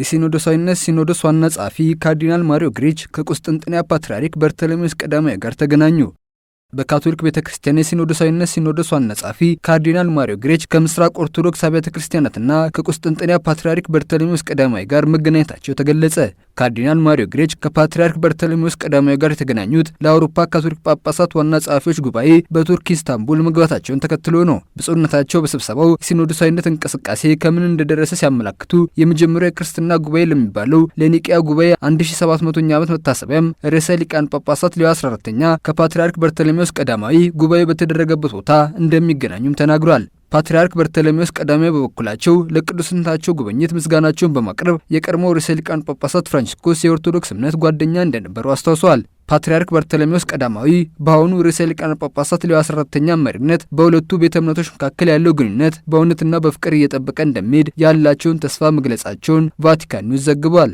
የሲኖዶሳዊነት ሲኖዶስ ዋና ጸሐፊ ካርዲናል ማሪዮ ግሪች ከቁስጥንጥንያ ፓትርያርክ በርተሎሜዎስ ቀዳማዊ ጋር ተገናኙ። በካቶሊክ ቤተ ክርስቲያን የሲኖዶሳዊነት ሲኖዶስ ዋና ጸሐፊ ካርዲናል ማሪዮ ግሬች ከምስራቅ ኦርቶዶክስ አብያተ ክርስቲያናትና ከቁስጥንጥንያ ፓትርያርክ በርተሎሜዎስ ቀዳማዊ ጋር መገናኘታቸው ተገለጸ። ካርዲናል ማሪዮ ግሬች ከፓትርያርክ በርተሎሜዎስ ቀዳማዊ ጋር የተገናኙት ለአውሮፓ ካቶሊክ ጳጳሳት ዋና ጸሐፊዎች ጉባኤ በቱርክ ኢስታንቡል መግባታቸውን ተከትሎ ነው። ብፁዕነታቸው በስብሰባው የሲኖዶሳዊነት እንቅስቃሴ ከምን እንደደረሰ ሲያመላክቱ የመጀመሪያው የክርስትና ጉባኤ ለሚባለው ለኒቅያ ጉባኤ 1700ኛ ዓመት መታሰቢያም ርዕሰ ሊቃን ጳጳሳት ሌዮ 14ኛ ከፓትርያርክ በርተሎሜዎስ በርተለሜዎስ ቀዳማዊ ጉባኤ በተደረገበት ቦታ እንደሚገናኙም ተናግሯል። ፓትርያርክ በርተለሜዎስ ቀዳማዊ በበኩላቸው ለቅዱስነታቸው ጉብኝት ምስጋናቸውን በማቅረብ የቀድሞ ርዕሰ ሊቃነ ጳጳሳት ፍራንቺስኮስ የኦርቶዶክስ እምነት ጓደኛ እንደነበሩ አስታውሰዋል። ፓትርያርክ በርተለሜዎስ ቀዳማዊ በአሁኑ ርዕሰ ሊቃነ ጳጳሳት ሌዎ 14ተኛ መሪነት በሁለቱ ቤተ እምነቶች መካከል ያለው ግንኙነት በእውነትና በፍቅር እየጠበቀ እንደሚሄድ ያላቸውን ተስፋ መግለጻቸውን ቫቲካን ኒውስ ዘግቧል።